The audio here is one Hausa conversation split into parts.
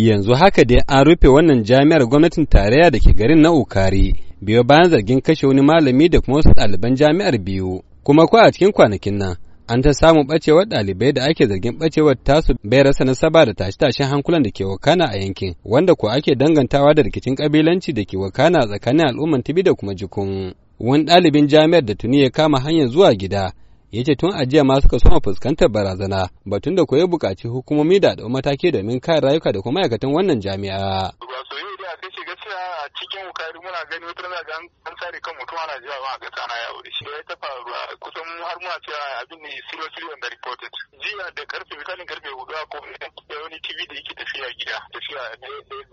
Yanzu haka dai an rufe wannan jami'ar gwamnatin tarayya da ke garin na Ukari, biyo bayan zargin kashe wani malami da kuma wasu ɗaliban jami'ar biyu. Kuma ko a cikin kwanakin nan, an ta samu ɓacewar ɗalibai da ake zargin ɓacewar tasu bai rasa nasaba da tashe-tashen hankulan da ke wakana a yankin, wanda ko ake dangantawa da rikicin ƙabilanci da ke wakana tsakanin al'umman Tibi da kuma jikun. Wani ɗalibin jami'ar da tuni ya kama hanyar zuwa gida, ya ce tun ajiya ma suka soma fuskantar barazana batun da ya buƙaci hukumomi da ɗau mataki domin kare rayuka da kuma ma'aikatan wannan jami'a. a cikin wukari muna gani wata rana an an sare kan mutum ana jiya ba ga tsana ya wuri da ya ta faruwa kusan har muna cewa abin ne seriously da reported jiya da karfe misalin karfe hudu a ko da wani tv da yake tafiya gida tafiya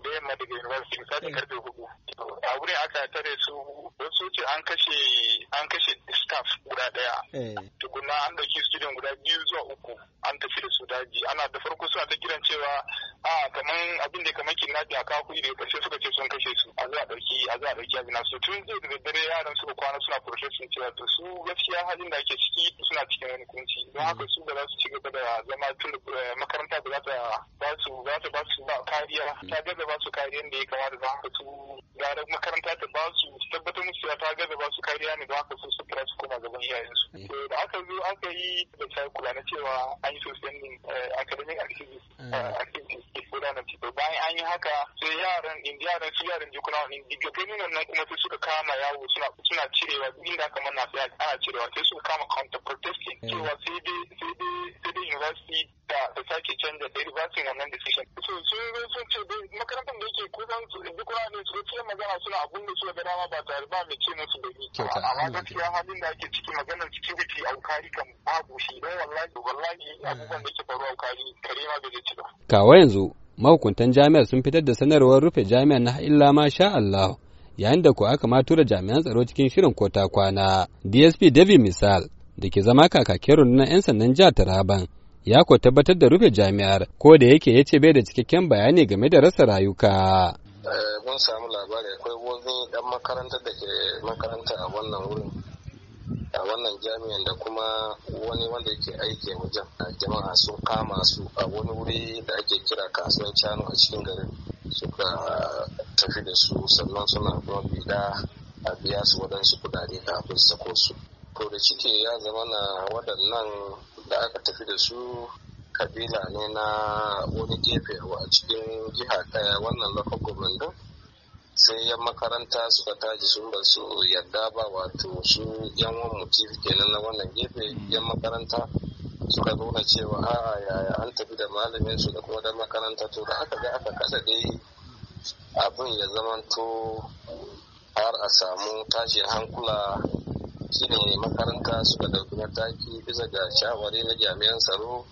da yamma daga university misalin karfe hudu a wurin aka tare su don su ce an kashe an kashe staff guda daya eh. tukuna an dauki student guda biyu zuwa uku an tafi da su daji ana da farko suna ta kiran cewa a ah, kaman abin da kamar kidnapping a kawo kuɗi daga karshe suka ce sun kashe su a zuwa dauki za a ɗauki abin su tun zai da daddare yaran suka kwana suna protestin cewa to su gaskiya halin da ake ciki suna cikin wani kunci don haka su ba za su ci gaba da zama tun eh, makaranta ba za ta ba su ba ta ba su ba kariya ta ba su kariyan da ya kamata don haka su gara makaranta ta ba su tabbatar zuciya ta gaza ba su kariya ne don haka su su kira su koma gaban iyayensu. Eh. To da aka zo aka yi da cakula na cewa an yi suspending eh, academic activities eh. activities ke gudanar ciki. Bayan an yi haka sai yaran in yaran su yaran jikuna in digagenin nan kuma sai suka kama yawo suna cirewa duk inda aka manna sai ana cirewa sai suka kama counter protesting cewa sai dai sai dai sai dai university da sake canza da reversing wannan da su su in duk kurani su ce magana suna abun da su ga dama ba tare ba mai ce musu da ni amma gaskiya halin da ake ciki maganar security a aukari kan babu shi dan wallahi wallahi abubuwan da ke faruwa aukari kare ma bai ci ba kawai yanzu mahukuntan jami'ar sun fitar da sanarwar rufe jami'ar na illa ma sha Allah yayin da ko aka ma tura jami'an tsaro cikin shirin kota kwana DSP David Misal da ke zama kakakin rundunar 'yan sandan jihar Taraban ya ko tabbatar da rufe jami'ar ko da yake ya ce bai da cikakken bayani game da rasa rayuka. Eh, mun samu labari akwai wani dan makarantar da ke makaranta a wannan wurin a wannan jami'an da kuma wani wanda yake aiki a wajen jama'a sun kama su a wani wuri da ake kira kasuwan cano a cikin garin suka ah, tafi da su sannan suna kuma bida a biya su waɗansu kudade kafin sako su to da cike ya zama na waɗannan da aka tafi da su kabila ne na wani gefe a cikin jiha ɗaya wannan lafa government din sai yan makaranta suka taji sun ba su yadda ba wato su yan wan mutum kenan na wannan gefe mm. yan makaranta suka nuna cewa a yaya an tafi da malamin su da kuma da makaranta to da aka ga aka kada dai abin ya zamanto har a samu tashin hankula shine makaranta suka dauki mataki bisa ga shawari na jami'an tsaro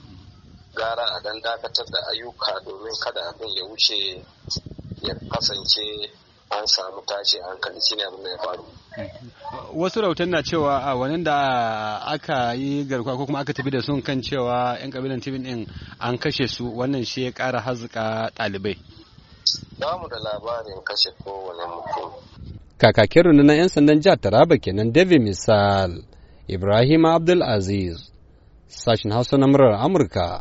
gara a dan dakatar da ayyuka domin kada abin ya wuce ya kasance an samu tashi hankali ne abin da ya faru wasu rautan na cewa a wani da aka yi garkuwa ko kuma aka tafi da sun kan cewa yan kabilan tibin din an kashe su wannan shi ya kara hazuka ɗalibai Za mu da labarin kashe kowane mutum kakakin rundunar 'yan sandan jihar taraba kenan david misal ibrahim abdulaziz sashen hausa na murar amurka